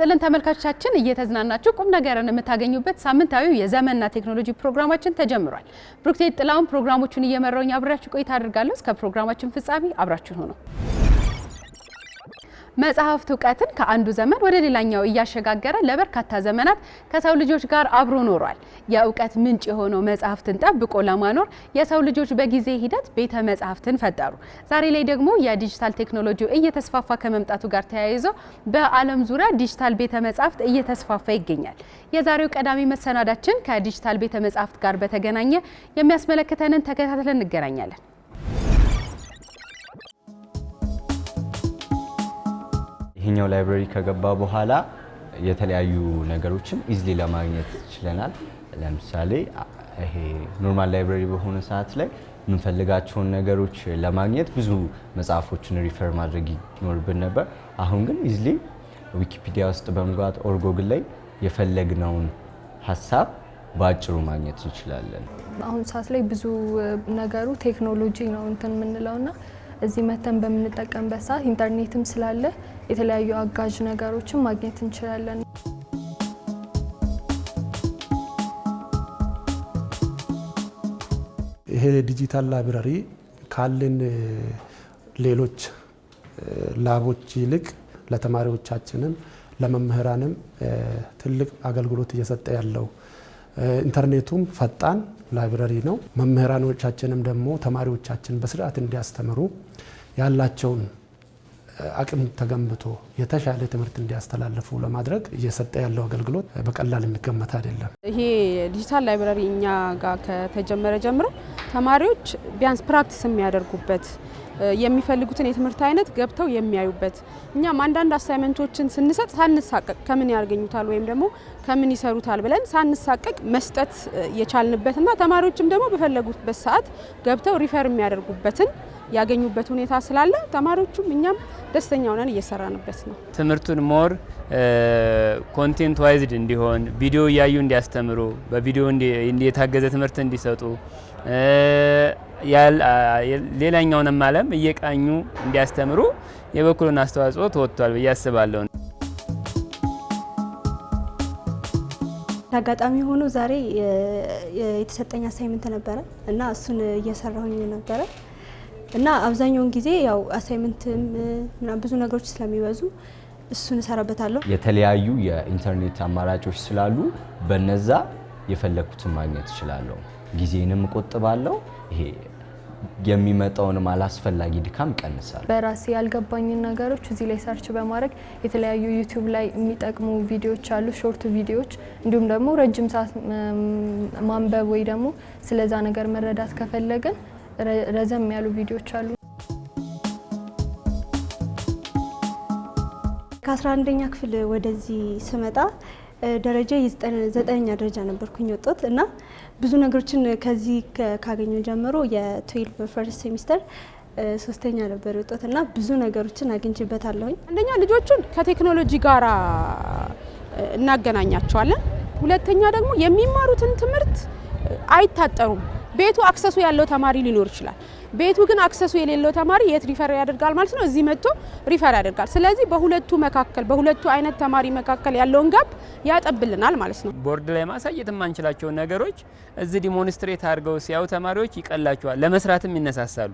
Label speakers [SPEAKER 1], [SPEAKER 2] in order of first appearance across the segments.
[SPEAKER 1] ይስጥልን ተመልካቾቻችን፣ እየተዝናናችሁ ቁም ነገርን የምታገኙበት ሳምንታዊው የዘመንና ቴክኖሎጂ ፕሮግራማችን ተጀምሯል። ብሩክቴት ጥላውን ፕሮግራሞቹን እየመራውኝ አብራችሁ ቆይታ አድርጋለሁ። እስከ ፕሮግራማችን ፍጻሜ አብራችሁን ሆነው መጽሐፍት እውቀትን ከአንዱ ዘመን ወደ ሌላኛው እያሸጋገረ ለበርካታ ዘመናት ከሰው ልጆች ጋር አብሮ ኖሯል። የእውቀት ምንጭ የሆነው መጽሐፍትን ጠብቆ ለማኖር የሰው ልጆች በጊዜ ሂደት ቤተ መጽሐፍትን ፈጠሩ። ዛሬ ላይ ደግሞ የዲጂታል ቴክኖሎጂ እየተስፋፋ ከመምጣቱ ጋር ተያይዞ በዓለም ዙሪያ ዲጂታል ቤተ መጽሐፍት እየተስፋፋ ይገኛል። የዛሬው ቀዳሚ መሰናዳችን ከዲጂታል ቤተ መጽሐፍት ጋር በተገናኘ የሚያስመለክተንን ተከታትለን እንገናኛለን።
[SPEAKER 2] ይሄኛው ላይብረሪ ከገባ በኋላ የተለያዩ ነገሮችን ኢዝሊ ለማግኘት ችለናል። ለምሳሌ ይሄ ኖርማል ላይብረሪ በሆነ ሰዓት ላይ የምንፈልጋቸውን ነገሮች ለማግኘት ብዙ መጽሐፎችን ሪፈር ማድረግ ይኖርብን ነበር። አሁን ግን ኢዝሊ ዊኪፒዲያ ውስጥ በመግባት ኦር ጎግል ላይ የፈለግነውን ሀሳብ በአጭሩ ማግኘት እንችላለን።
[SPEAKER 3] አሁን ሰዓት ላይ ብዙ ነገሩ ቴክኖሎጂ ነው እንትን የምንለውና እዚህ መተን በምንጠቀምበት ሰዓት ኢንተርኔትም ስላለ የተለያዩ አጋዥ ነገሮችን ማግኘት እንችላለን።
[SPEAKER 4] ይሄ ዲጂታል ላይብራሪ ካልን ሌሎች ላቦች ይልቅ ለተማሪዎቻችንም ለመምህራንም ትልቅ አገልግሎት እየሰጠ ያለው ኢንተርኔቱም ፈጣን ላይብረሪ ነው። መምህራኖቻችንም ደግሞ ተማሪዎቻችን በስርዓት እንዲያስተምሩ ያላቸውን አቅም ተገንብቶ የተሻለ ትምህርት እንዲያስተላልፉ ለማድረግ እየሰጠ ያለው አገልግሎት በቀላል የሚገመት አይደለም።
[SPEAKER 5] ይሄ ዲጂታል ላይብረሪ እኛ ጋር ከተጀመረ ጀምሮ ተማሪዎች ቢያንስ ፕራክቲስ የሚያደርጉበት የሚፈልጉትን የትምህርት አይነት ገብተው የሚያዩበት እኛም አንዳንድ አሳይመንቶችን ስንሰጥ ሳንሳቀቅ ከምን ያገኙታል ወይም ደግሞ ከምን ይሰሩታል ብለን ሳንሳቀቅ መስጠት የቻልንበትና ተማሪዎችም ደግሞ በፈለጉበት ሰዓት ገብተው ሪፈር የሚያደርጉበትን ያገኙበት ሁኔታ ስላለ ተማሪዎቹም እኛም ደስተኛ ሆነን እየሰራንበት ነው።
[SPEAKER 6] ትምህርቱን ሞር ኮንቴንት ዋይዝድ እንዲሆን ቪዲዮ እያዩ እንዲያስተምሩ፣ በቪዲዮ የታገዘ ትምህርት እንዲሰጡ ሌላኛውንም ዓለም እየቃኙ እንዲያስተምሩ የበኩሉን አስተዋጽኦ ተወጥቷል ብዬ አስባለሁ።
[SPEAKER 7] አጋጣሚ ሆኖ ዛሬ የተሰጠኝ አሳይመንት ነበረ እና እሱን እየሰራሁኝ ነበረ እና አብዛኛውን ጊዜ ያው አሳይመንትም ብዙ ነገሮች ስለሚበዙ እሱን እሰራበታለሁ።
[SPEAKER 2] የተለያዩ የኢንተርኔት አማራጮች ስላሉ በነዛ የፈለግኩትን ማግኘት እችላለሁ። ጊዜንም እቆጥባለሁ። ይሄ የሚመጣውንም አላስፈላጊ ድካም ይቀንሳል።
[SPEAKER 3] በራሴ ያልገባኝን ነገሮች እዚህ ላይ ሰርች በማድረግ የተለያዩ ዩቲዩብ ላይ የሚጠቅሙ ቪዲዮዎች አሉ፣ ሾርት ቪዲዮዎች። እንዲሁም ደግሞ ረጅም ሰዓት ማንበብ ወይ ደግሞ ስለዛ ነገር መረዳት ከፈለግን ረዘም ያሉ ቪዲዮዎች አሉ።
[SPEAKER 8] 11 ኛ ክፍል ወደዚህ ስመጣ ደረጃ ዘጠነኛ ደረጃ ነበርኩኝ ወጣት እና ብዙ ነገሮችን ከዚህ ካገኘው ጀምሮ የትዌልቭ ፈርስት ሴሚስተር ሶስተኛ ነበር የወጣት እና ብዙ ነገሮችን አግኝቼበታለሁኝ።
[SPEAKER 9] አንደኛ ልጆቹን ከቴክኖሎጂ ጋር እናገናኛቸዋለን። ሁለተኛ ደግሞ የሚማሩትን ትምህርት አይታጠሩም። ቤቱ አክሰሱ ያለው ተማሪ ሊኖር ይችላል። ቤቱ ግን አክሰሱ የሌለው ተማሪ የት ሪፈር ያደርጋል ማለት ነው? እዚህ መጥቶ ሪፈር ያደርጋል። ስለዚህ በሁለቱ መካከል በሁለቱ አይነት ተማሪ መካከል ያለውን ጋፕ ያጠብልናል ማለት ነው።
[SPEAKER 6] ቦርድ ላይ ማሳየት የማንችላቸውን ነገሮች እዚህ ዲሞንስትሬት አድርገው ሲያዩ ተማሪዎች ይቀላቸዋል፣ ለመስራትም ይነሳሳሉ።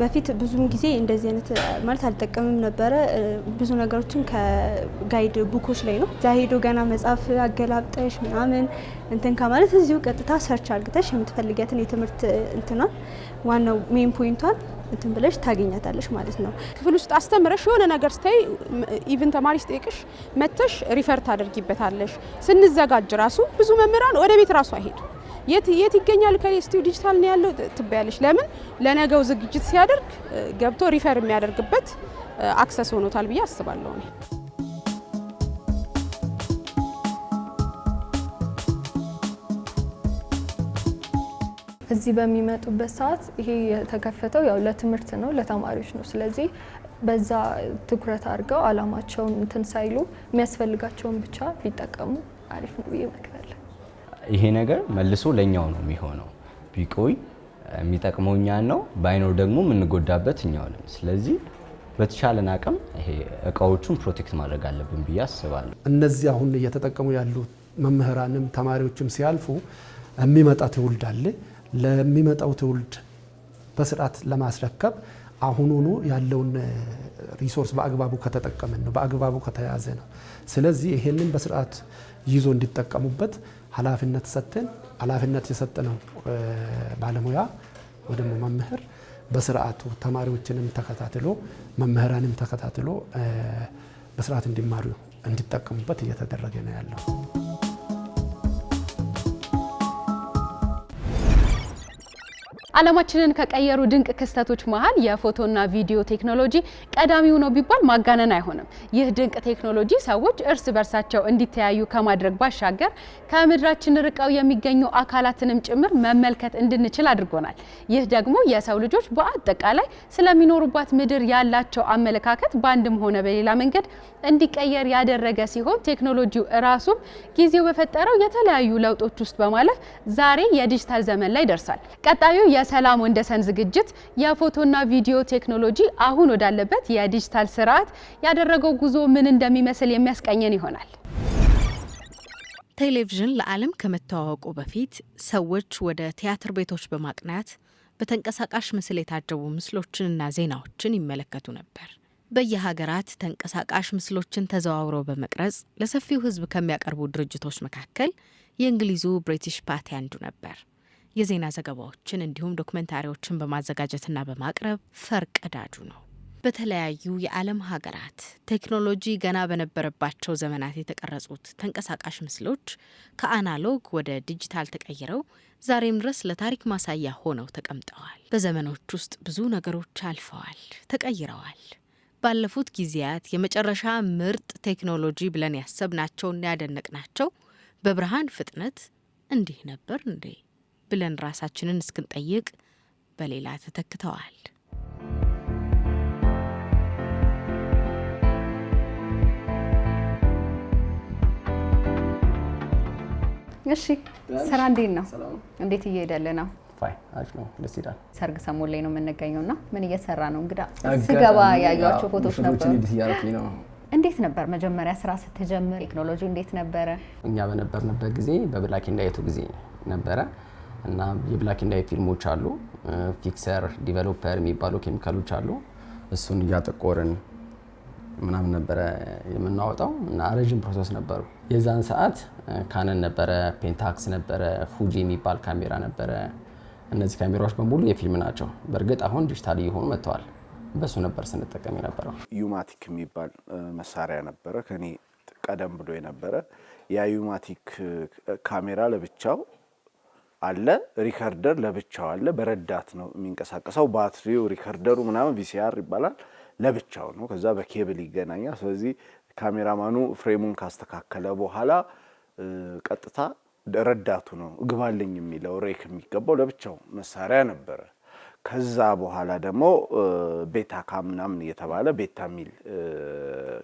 [SPEAKER 7] በፊት ብዙም ጊዜ እንደዚህ አይነት ማለት አልጠቀምም ነበረ። ብዙ ነገሮችን ከጋይድ ቡኮች ላይ ነው እዛ ሄዶ ገና መጽሐፍ አገላብጠሽ ምናምን እንትን ከማለት እዚሁ ቀጥታ ሰርች አርግተሽ የምትፈልጊያትን የትምህርት እንትኗን ዋናው ሜን ፖይንቷን እንትን ብለሽ ታገኛታለሽ ማለት ነው።
[SPEAKER 9] ክፍል ውስጥ አስተምረሽ የሆነ ነገር ስታይ ኢቭን ተማሪ ስጠይቅሽ መተሽ ሪፈር ታደርጊበታለሽ። ስንዘጋጅ ራሱ ብዙ መምህራን ወደ ቤት ራሱ አይሄዱ የት የት ይገኛል ከሌ ዲጂታል ነው ያለው ትበያለሽ። ለምን ለነገው ዝግጅት ሲያደርግ ገብቶ ሪፈር የሚያደርግበት አክሰስ ሆኖታል ብዬ አስባለሁ።
[SPEAKER 3] እዚህ በሚመጡበት ሰዓት ይሄ የተከፈተው ያው ለትምህርት ነው፣ ለተማሪዎች ነው። ስለዚህ በዛ ትኩረት አድርገው አላማቸውን እንትን ሳይሉ የሚያስፈልጋቸውን ብቻ ቢጠቀሙ አሪፍ ነው ብዬ
[SPEAKER 2] ይሄ ነገር መልሶ ለእኛው ነው የሚሆነው። ቢቆይ የሚጠቅመው እኛን ነው፣ ባይኖር ደግሞ የምንጎዳበት እኛው ነን። ስለዚህ በተቻለን አቅም ይሄ እቃዎቹን ፕሮቴክት ማድረግ አለብን ብዬ አስባለሁ።
[SPEAKER 10] እነዚህ አሁን እየተጠቀሙ ያሉ መምህራንም ተማሪዎችም ሲያልፉ የሚመጣ ትውልድ አለ። ለሚመጣው ትውልድ በስርዓት ለማስረከብ አሁኑኑ ያለውን ሪሶርስ በአግባቡ ከተጠቀምን ነው፣ በአግባቡ ከተያዘ ነው። ስለዚህ ይሄንን በስርዓት ይዞ እንዲጠቀሙበት ኃላፊነት ሰጥተን ኃላፊነት የሰጠነው ባለሙያ ወይ ደግሞ መምህር በስርዓቱ ተማሪዎችንም ተከታትሎ መምህራንም ተከታትሎ በስርዓት እንዲማሩ እንዲጠቀሙበት እየተደረገ ነው ያለው።
[SPEAKER 1] ዓለማችንን ከቀየሩ ድንቅ ክስተቶች መሀል የፎቶና ቪዲዮ ቴክኖሎጂ ቀዳሚው ነው ቢባል ማጋነን አይሆንም። ይህ ድንቅ ቴክኖሎጂ ሰዎች እርስ በርሳቸው እንዲተያዩ ከማድረግ ባሻገር ከምድራችን ርቀው የሚገኙ አካላትንም ጭምር መመልከት እንድንችል አድርጎናል። ይህ ደግሞ የሰው ልጆች በአጠቃላይ ስለሚኖሩባት ምድር ያላቸው አመለካከት በአንድም ሆነ በሌላ መንገድ እንዲቀየር ያደረገ ሲሆን ቴክኖሎጂው ራሱም ጊዜው በፈጠረው የተለያዩ ለውጦች ውስጥ በማለፍ ዛሬ የዲጂታል ዘመን ላይ ደርሳል። ቀጣዩ የሰላም ወንደሰን ዝግጅት የፎቶና ቪዲዮ ቴክኖሎጂ አሁን ወዳለበት የዲጂታል ስርዓት ያደረገው ጉዞ ምን እንደሚመስል የሚያስቀኘን ይሆናል።
[SPEAKER 11] ቴሌቪዥን ለዓለም ከመተዋወቁ በፊት ሰዎች ወደ ቲያትር ቤቶች በማቅናት በተንቀሳቃሽ ምስል የታጀቡ ምስሎችንና ዜናዎችን ይመለከቱ ነበር። በየሀገራት ተንቀሳቃሽ ምስሎችን ተዘዋውረው በመቅረጽ ለሰፊው ሕዝብ ከሚያቀርቡ ድርጅቶች መካከል የእንግሊዙ ብሪቲሽ ፓቲ አንዱ ነበር። የዜና ዘገባዎችን እንዲሁም ዶክመንታሪዎችን በማዘጋጀትና በማቅረብ ፈርቀዳጁ ነው። በተለያዩ የዓለም ሀገራት ቴክኖሎጂ ገና በነበረባቸው ዘመናት የተቀረጹት ተንቀሳቃሽ ምስሎች ከአናሎግ ወደ ዲጂታል ተቀይረው ዛሬም ድረስ ለታሪክ ማሳያ ሆነው ተቀምጠዋል። በዘመኖች ውስጥ ብዙ ነገሮች አልፈዋል፣ ተቀይረዋል። ባለፉት ጊዜያት የመጨረሻ ምርጥ ቴክኖሎጂ ብለን ያሰብናቸውና ያደነቅናቸው በብርሃን ፍጥነት እንዲህ ነበር እንዴ ብለን ራሳችንን እስክንጠይቅ በሌላ ተተክተዋል።
[SPEAKER 12] እሺ ስራ እንዴት ነው? እንዴት እየሄደልህ ነው? ደስ ይላል። ሰርግ ሰሞን ላይ ነው የምንገኘው እና ምን እየሰራ ነው? እንግዳ ስገባ ያዩቸው ፎቶች ነበሩ። እንዴት ነበር መጀመሪያ ስራ ስትጀምር? ቴክኖሎጂ እንዴት ነበረ?
[SPEAKER 13] እኛ በነበርንበት ጊዜ በብላክ እንዳየቱ ጊዜ ነበረ እና የብላክ ኤንድ ዋይት ፊልሞች አሉ፣ ፊክሰር ዲቨሎፐር የሚባሉ ኬሚካሎች አሉ። እሱን እያጠቆርን ምናምን ነበረ የምናወጣው እና ረዥም ፕሮሰስ ነበሩ። የዛን ሰዓት ካነን ነበረ፣ ፔንታክስ ነበረ፣ ፉጂ የሚባል ካሜራ ነበረ። እነዚህ ካሜራዎች በሙሉ የፊልም ናቸው። በእርግጥ አሁን ዲጂታል እየሆኑ መጥተዋል። በሱ ነበር ስንጠቀም የነበረው።
[SPEAKER 14] ዩማቲክ የሚባል መሳሪያ ነበረ ከኔ ቀደም ብሎ የነበረ ያ ዩማቲክ ካሜራ ለብቻው አለ ሪከርደር ለብቻው አለ። በረዳት ነው የሚንቀሳቀሰው። ባትሪው ሪከርደሩ ምናምን ቪሲአር ይባላል ለብቻው ነው። ከዛ በኬብል ይገናኛል። ስለዚህ ካሜራማኑ ፍሬሙን ካስተካከለ በኋላ ቀጥታ ረዳቱ ነው እግባልኝ የሚለው ሬክ የሚገባው ለብቻው መሳሪያ ነበረ። ከዛ በኋላ ደግሞ ቤታ ካም ምናምን እየተባለ ቤታ ሚል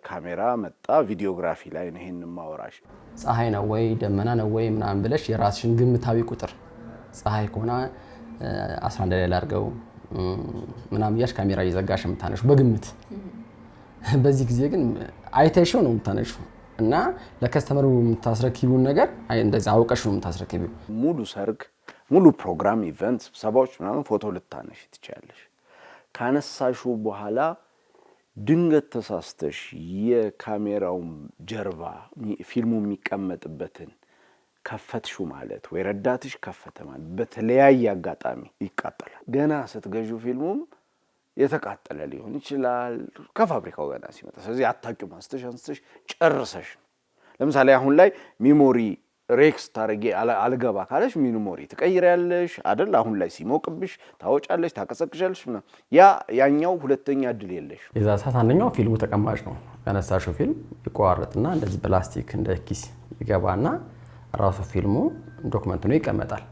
[SPEAKER 14] ካሜራ መጣ። ቪዲዮግራፊ ላይ ነው ይሄን ማወራሽ።
[SPEAKER 13] ፀሐይ ነው ወይ ደመና ነው ወይ ምናምን ብለሽ የራስሽን ግምታዊ ቁጥር ፀሐይ ከሆነ 11 ላይ ላርገው ምናምን እያልሽ ካሜራ እየዘጋሽ የምታነሺው በግምት። በዚህ ጊዜ ግን አይተሽው ነው የምታነሺው እና ለከስተመሩ የምታስረክቢውን ነገር እንደዚህ አውቀሽ ነው የምታስረክቢው
[SPEAKER 14] ሙሉ ሰርግ ሙሉ ፕሮግራም፣ ኢቨንት፣ ስብሰባዎች ምናምን ፎቶ ልታነሽ ትችያለሽ። ካነሳሹ በኋላ ድንገት ተሳስተሽ የካሜራው ጀርባ ፊልሙ የሚቀመጥበትን ከፈትሹ ማለት ወይ ረዳትሽ ከፈተ ማለት በተለያየ አጋጣሚ ይቃጠላል። ገና ስትገዢ ፊልሙም የተቃጠለ ሊሆን ይችላል ከፋብሪካው ገና ሲመጣ። ስለዚህ አታውቂውም። አንስተሽ አንስተሽ ጨርሰሽ ነው። ለምሳሌ አሁን ላይ ሚሞሪ ሬክስ ታረጌ አልገባ ካለሽ ሚሞሪ ትቀይሪያለሽ አደል? አሁን ላይ ሲሞቅብሽ ታወጫለሽ፣ ታቀሰቅሻለሽ። ያ ያኛው ሁለተኛ እድል የለሽ።
[SPEAKER 13] የዛ ሰዓት አንደኛው ፊልሙ ተቀማጭ ነው። ያነሳሽው ፊልም ይቆራረጥና እንደዚህ በላስቲክ እንደ ኪስ ይገባና ራሱ ፊልሙ ዶክመንት ነው ይቀመጣል።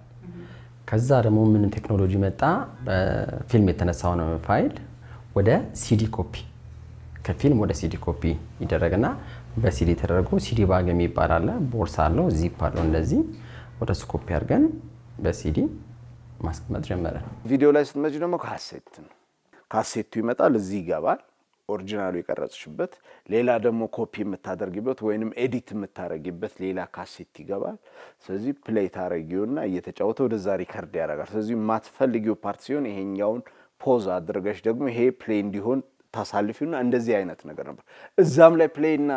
[SPEAKER 13] ከዛ ደግሞ ምን ቴክኖሎጂ መጣ? በፊልም የተነሳውን ፋይል ወደ ሲዲ ኮፒ ከፊልም ወደ ሲዲ ኮፒ ይደረግና በሲዲ ተደርጎ ሲዲ ባግ የሚባል አለ። ቦርሳ አለው፣ ዚፕ አለው። እንደዚህ ወደ ስኮፒ አድርገን በሲዲ ማስቀመጥ ጀመረ።
[SPEAKER 14] ቪዲዮ ላይ ስትመጪ ደግሞ ካሴት ነው። ካሴቱ ይመጣል፣ እዚህ ይገባል። ኦሪጂናሉ የቀረጽሽበት ሌላ ደግሞ ኮፒ የምታደርግበት ወይንም ኤዲት የምታደረግበት ሌላ ካሴት ይገባል። ስለዚህ ፕሌይ ታረጊውና እየተጫወተ ወደዛ ሪከርድ ያደርጋል። ስለዚህ የማትፈልጊው ፓርት ሲሆን ይሄኛውን ፖዝ አድርገሽ ደግሞ ይሄ ፕሌይ እንዲሆን ታሳልፊውና እንደዚህ አይነት ነገር ነበር። እዛም ላይ ፕሌይና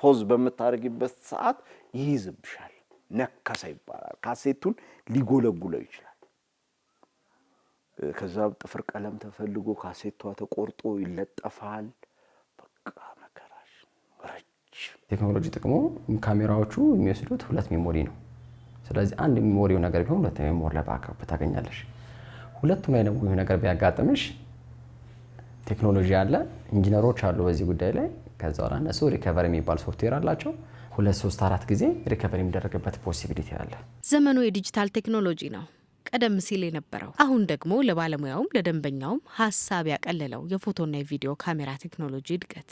[SPEAKER 14] ፖዝ በምታደርጊበት ሰዓት ይይዝብሻል። ነከሰ ይባላል። ካሴቱን ሊጎለጉለው ይችላል። ከዛ ጥፍር ቀለም ተፈልጎ ካሴቷ ተቆርጦ ይለጠፋል። በቃ መከራሽ ረጅም።
[SPEAKER 13] ቴክኖሎጂ ጥቅሞ ካሜራዎቹ የሚወስዱት ሁለት ሜሞሪ ነው። ስለዚህ አንድ ሜሞሪው ነገር ቢሆን ሁለት ሜሞሪ ለባካ ታገኛለሽ። ሁለቱም ላይ ደግሞ ነገር ቢያጋጥምሽ ቴክኖሎጂ አለ፣ ኢንጂነሮች አሉ በዚህ ጉዳይ ላይ። ከዛ በኋላ እነሱ ሪከቨር የሚባል ሶፍትዌር አላቸው። ሁለት ሶስት አራት ጊዜ ሪከቨር የሚደረግበት ፖሲቢሊቲ አለ።
[SPEAKER 11] ዘመኑ የዲጂታል ቴክኖሎጂ ነው ቀደም ሲል የነበረው። አሁን ደግሞ ለባለሙያውም ለደንበኛውም ሀሳብ ያቀለለው የፎቶና የቪዲዮ ካሜራ ቴክኖሎጂ እድገት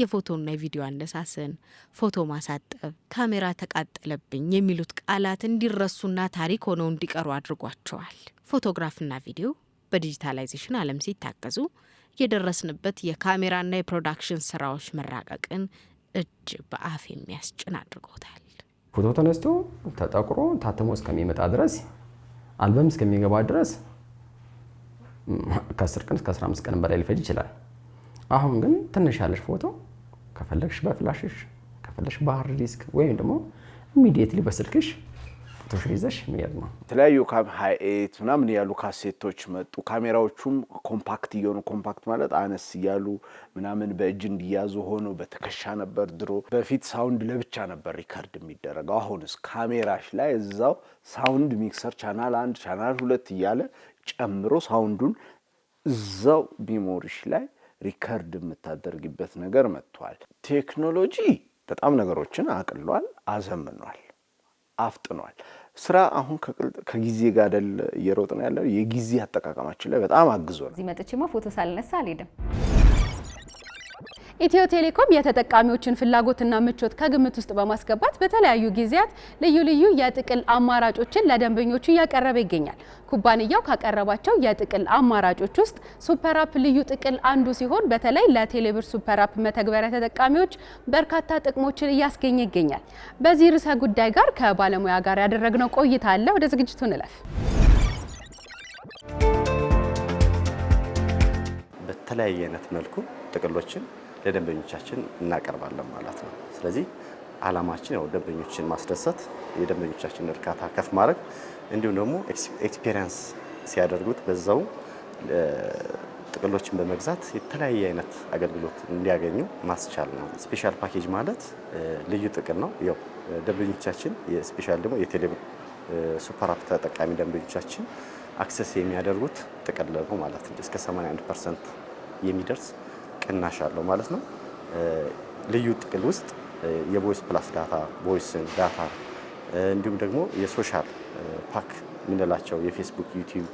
[SPEAKER 11] የፎቶና የቪዲዮ አነሳስን፣ ፎቶ ማሳጠብ፣ ካሜራ ተቃጠለብኝ የሚሉት ቃላት እንዲረሱና ታሪክ ሆነው እንዲቀሩ አድርጓቸዋል። ፎቶግራፍና ቪዲዮ በዲጂታላይዜሽን ዓለም ሲታገዙ የደረስንበት የካሜራና የፕሮዳክሽን ስራዎች መራቀቅን እጅ በአፍ የሚያስጭን አድርጎታል።
[SPEAKER 13] ፎቶ ተነስቶ ተጠቁሮ ታትሞ እስከሚመጣ ድረስ አልበም እስከሚገባ ድረስ ከ10 ቀን እስከ 15 ቀን በላይ ሊፈጅ ይችላል። አሁን ግን ትንሽ ያለሽ ፎቶ ከፈለግሽ በፍላሽሽ ከፈለግሽ ባህር ዲስክ ወይም ደግሞ ኢሚዲየትሊ በስልክሽ ፎቶሽ ይዘሽ ነው።
[SPEAKER 14] የተለያዩ ሀኤት ምናምን ያሉ ካሴቶች መጡ። ካሜራዎቹም ኮምፓክት እየሆኑ ኮምፓክት ማለት አነስ እያሉ ምናምን በእጅ እንዲያዙ ሆኖ በትከሻ ነበር ድሮ። በፊት ሳውንድ ለብቻ ነበር ሪከርድ የሚደረገው። አሁንስ ካሜራሽ ላይ እዛው ሳውንድ ሚክሰር ቻናል አንድ ቻናል ሁለት እያለ ጨምሮ ሳውንዱን እዛው ሚሞሪሽ ላይ ሪከርድ የምታደርግበት ነገር መጥቷል። ቴክኖሎጂ በጣም ነገሮችን አቅሏል፣ አዘምኗል። አፍጥኗል። ስራ አሁን ከጊዜ ጋር አይደል እየሮጥ ነው ያለው። የጊዜ አጠቃቀማችን ላይ በጣም አግዞ ነው።
[SPEAKER 1] እዚህ መጥቼማ ፎቶ ሳልነሳ አልሄድም። ኢትዮ ቴሌኮም የተጠቃሚዎችን ፍላጎትና ምቾት ከግምት ውስጥ በማስገባት በተለያዩ ጊዜያት ልዩ ልዩ የጥቅል አማራጮችን ለደንበኞቹ እያቀረበ ይገኛል። ኩባንያው ካቀረባቸው የጥቅል አማራጮች ውስጥ ሱፐር ልዩ ጥቅል አንዱ ሲሆን በተለይ ለቴሌብር ሱፐር አፕ መተግበሪያ ተጠቃሚዎች በርካታ ጥቅሞችን እያስገኘ ይገኛል። በዚህ ርዕሰ ጉዳይ ጋር ከባለሙያ ጋር ያደረግነው ቆይታ አለ። ወደ ዝግጅቱ እንለፍ።
[SPEAKER 13] በተለያየ አይነት መልኩ ጥቅሎችን ለደንበኞቻችን እናቀርባለን ማለት ነው። ስለዚህ አላማችን ያው ደንበኞችን ማስደሰት፣ የደንበኞቻችን እርካታ ከፍ ማድረግ እንዲሁም ደግሞ ኤክስፔሪንስ ሲያደርጉት በዛው ጥቅሎችን በመግዛት የተለያየ አይነት አገልግሎት እንዲያገኙ ማስቻል ነው። ስፔሻል ፓኬጅ ማለት ልዩ ጥቅል ነው። ያው ደንበኞቻችን ስፔሻል ደግሞ የቴሌ ሱፐር አፕ ተጠቃሚ ደንበኞቻችን አክሰስ የሚያደርጉት ጥቅል ነው ማለት ነው። እስከ 81 ፐርሰንት የሚደርስ ቅናሽ አለው ማለት ነው። ልዩ ጥቅል ውስጥ የቮይስ ፕላስ ዳታ ቮይስን፣ ዳታ እንዲሁም ደግሞ የሶሻል ፓክ የምንላቸው የፌስቡክ፣ ዩቲዩብ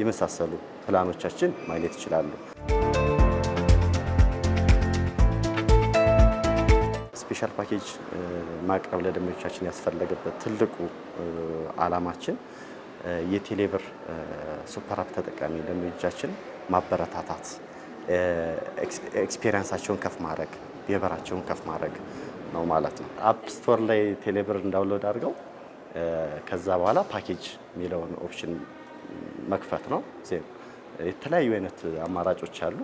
[SPEAKER 13] የመሳሰሉ ፕላኖቻችን ማግኘት ይችላሉ። ስፔሻል ፓኬጅ ማቅረብ ለደንበኞቻችን ያስፈለገበት ትልቁ አላማችን የቴሌብር ሱፐር አፕ ተጠቃሚ ደንበኞቻችን ማበረታታት ኤክስፔሪንሳቸውን ከፍ ማድረግ ቢሄቨራቸውን ከፍ ማድረግ ነው ማለት ነው። አፕ ስቶር ላይ ቴሌብር እንዳውሎድ አድርገው ከዛ በኋላ ፓኬጅ የሚለውን ኦፕሽን መክፈት ነው። የተለያዩ አይነት አማራጮች አሉ።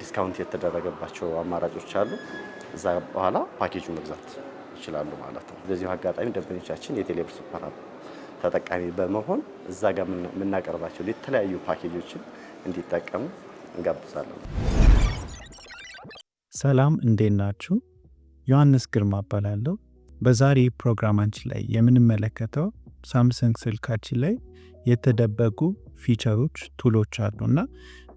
[SPEAKER 13] ዲስካውንት የተደረገባቸው አማራጮች አሉ። እዛ በኋላ ፓኬጁ መግዛት ይችላሉ ማለት ነው። በዚሁ አጋጣሚ ደንበኞቻችን የቴሌብር ሱፐር አፕ ተጠቃሚ በመሆን እዛ ጋር የምናቀርባቸው የተለያዩ ፓኬጆችን እንዲጠቀሙ እንጋብዛለን።
[SPEAKER 15] ሰላም እንዴት ናችሁ? ዮሐንስ ግርማ እባላለሁ። በዛሬ ፕሮግራማችን ላይ የምንመለከተው ሳምሰንግ ስልካችን ላይ የተደበቁ ፊቸሮች፣ ቱሎች አሉ እና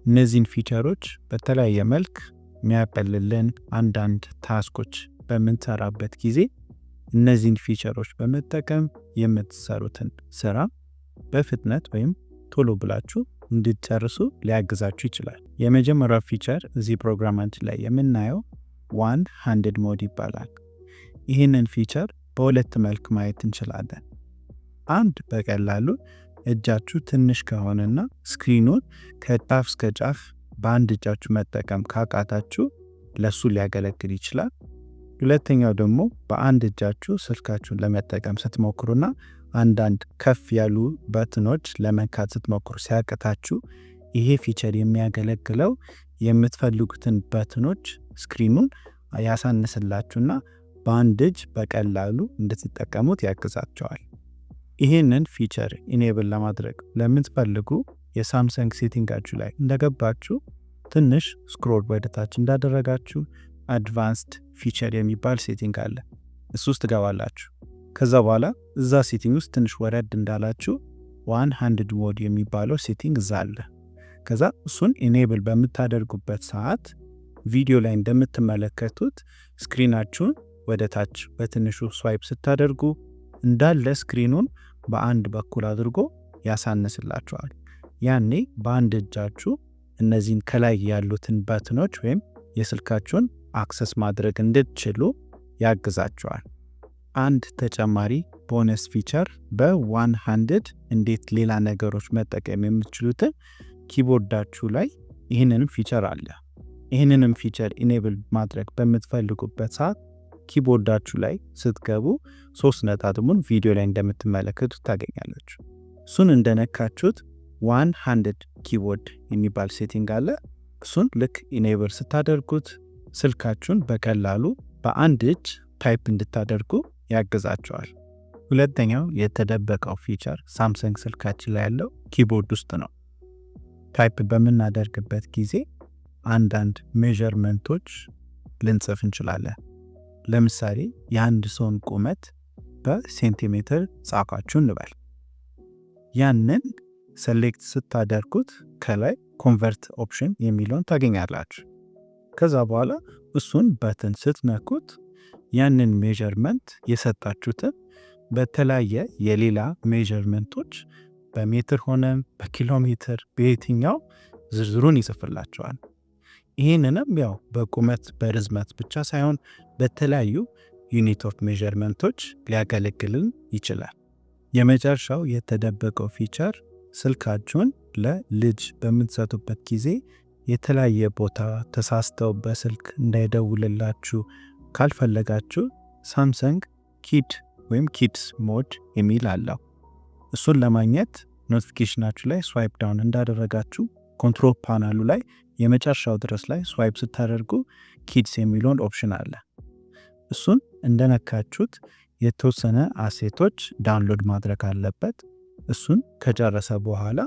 [SPEAKER 15] እነዚህን ፊቸሮች በተለያየ መልክ የሚያቀልልን አንዳንድ ታስኮች በምንሰራበት ጊዜ እነዚህን ፊቸሮች በመጠቀም የምትሰሩትን ስራ በፍጥነት ወይም ቶሎ ብላችሁ እንድትጨርሱ ሊያግዛችሁ ይችላል። የመጀመሪያው ፊቸር እዚህ ፕሮግራማችን ላይ የምናየው ዋን ሃንድድ ሞድ ይባላል። ይህንን ፊቸር በሁለት መልክ ማየት እንችላለን። አንድ በቀላሉ እጃችሁ ትንሽ ከሆነና ስክሪኑን ከጫፍ እስከ ጫፍ በአንድ እጃችሁ መጠቀም ካቃታችሁ ለሱ ሊያገለግል ይችላል። ሁለተኛው ደግሞ በአንድ እጃችሁ ስልካችሁን ለመጠቀም ስትሞክሩና አንዳንድ ከፍ ያሉ በትኖች ለመካተት ስትሞክሩ ሲያቅታችሁ ይሄ ፊቸር የሚያገለግለው የምትፈልጉትን በትኖች ስክሪኑን ያሳንስላችሁና በአንድ እጅ በቀላሉ እንድትጠቀሙት ያግዛቸዋል። ይህንን ፊቸር ኢኔብል ለማድረግ ለምትፈልጉ የሳምሰንግ ሴቲንጋችሁ ላይ እንደገባችሁ ትንሽ ስክሮል ወደታች እንዳደረጋችሁ አድቫንስድ ፊቸር የሚባል ሴቲንግ አለ። እሱ ውስጥ ትገባላችሁ። ከዛ በኋላ እዛ ሴቲንግ ውስጥ ትንሽ ወረድ እንዳላችሁ ዋን ሃንድድ ሞድ የሚባለው ሴቲንግ እዛ አለ። ከዛ እሱን ኢኔብል በምታደርጉበት ሰዓት ቪዲዮ ላይ እንደምትመለከቱት ስክሪናችሁን ወደ ታች በትንሹ ስዋይፕ ስታደርጉ እንዳለ ስክሪኑን በአንድ በኩል አድርጎ ያሳንስላችኋል። ያኔ በአንድ እጃችሁ እነዚህን ከላይ ያሉትን በትኖች ወይም የስልካችሁን አክሰስ ማድረግ እንድትችሉ ያግዛችኋል። አንድ ተጨማሪ ቦነስ ፊቸር በዋን ሃንድድ እንዴት ሌላ ነገሮች መጠቀም የምትችሉትን ኪቦርዳችሁ ላይ ይህንንም ፊቸር አለ። ይህንንም ፊቸር ኢኔብል ማድረግ በምትፈልጉበት ሰዓት ኪቦርዳችሁ ላይ ስትገቡ ሶስት ነጣጥሙን ቪዲዮ ላይ እንደምትመለከቱ ታገኛለች። እሱን እንደነካችሁት ዋን ሃንድድ ኪቦርድ የሚባል ሴቲንግ አለ። እሱን ልክ ኢኔብል ስታደርጉት ስልካችሁን በቀላሉ በአንድ እጅ ታይፕ እንድታደርጉ ያግዛቸዋል። ሁለተኛው የተደበቀው ፊቸር ሳምሰንግ ስልካችን ላይ ያለው ኪቦርድ ውስጥ ነው። ታይፕ በምናደርግበት ጊዜ አንዳንድ ሜዥርመንቶች ልንጽፍ እንችላለን። ለምሳሌ የአንድ ሰውን ቁመት በሴንቲሜትር ጻፋችሁ እንበል። ያንን ሰሌክት ስታደርጉት ከላይ ኮንቨርት ኦፕሽን የሚለውን ታገኛላችሁ። ከዛ በኋላ እሱን በትን ስትነኩት ያንን ሜዠርመንት የሰጣችሁትን በተለያየ የሌላ ሜዠርመንቶች በሜትር ሆነ በኪሎ ሜትር በየትኛው ዝርዝሩን ይጽፍላቸዋል። ይህንንም ያው በቁመት በርዝመት ብቻ ሳይሆን በተለያዩ ዩኒት ኦፍ ሜዠርመንቶች ሊያገለግልን ይችላል። የመጨረሻው የተደበቀው ፊቸር ስልካችሁን ለልጅ በምትሰጡበት ጊዜ የተለያየ ቦታ ተሳስተው በስልክ እንዳይደውልላችሁ ካልፈለጋችሁ ሳምሰንግ ኪድ ወይም ኪድስ ሞድ የሚል አለው። እሱን ለማግኘት ኖቲፊኬሽናችሁ ላይ ስዋይፕ ዳውን እንዳደረጋችሁ ኮንትሮል ፓናሉ ላይ የመጨረሻው ድረስ ላይ ስዋይፕ ስታደርጉ ኪድስ የሚለውን ኦፕሽን አለ። እሱን እንደነካችሁት የተወሰነ አሴቶች ዳውንሎድ ማድረግ አለበት። እሱን ከጨረሰ በኋላ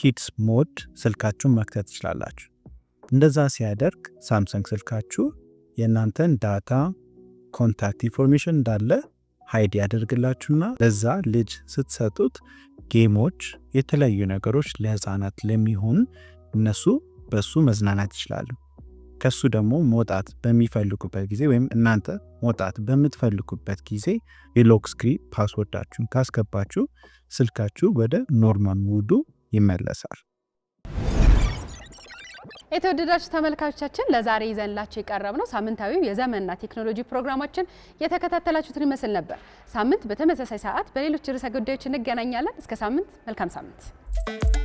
[SPEAKER 15] ኪድስ ሞድ ስልካችሁን መክተት ትችላላችሁ። እንደዛ ሲያደርግ ሳምሰንግ ስልካችሁ የእናንተን ዳታ ኮንታክት ኢንፎርሜሽን እንዳለ ሀይድ ያደርግላችሁና ለዛ ልጅ ስትሰጡት ጌሞች፣ የተለያዩ ነገሮች ለህፃናት ለሚሆን እነሱ በሱ መዝናናት ይችላሉ። ከሱ ደግሞ መውጣት በሚፈልጉበት ጊዜ ወይም እናንተ መውጣት በምትፈልጉበት ጊዜ የሎክ ስክሪን ፓስወርዳችሁን ካስገባችሁ ስልካችሁ ወደ ኖርማል ሙዱ ይመለሳል።
[SPEAKER 1] የተወደዳችሁ ተመልካቾቻችን ለዛሬ ይዘንላችሁ የቀረብ ነው ሳምንታዊው የዘመንና ቴክኖሎጂ ፕሮግራማችን የተከታተላችሁትን ይመስል ነበር። ሳምንት በተመሳሳይ ሰዓት በሌሎች ርዕሰ ጉዳዮች እንገናኛለን። እስከ ሳምንት መልካም ሳምንት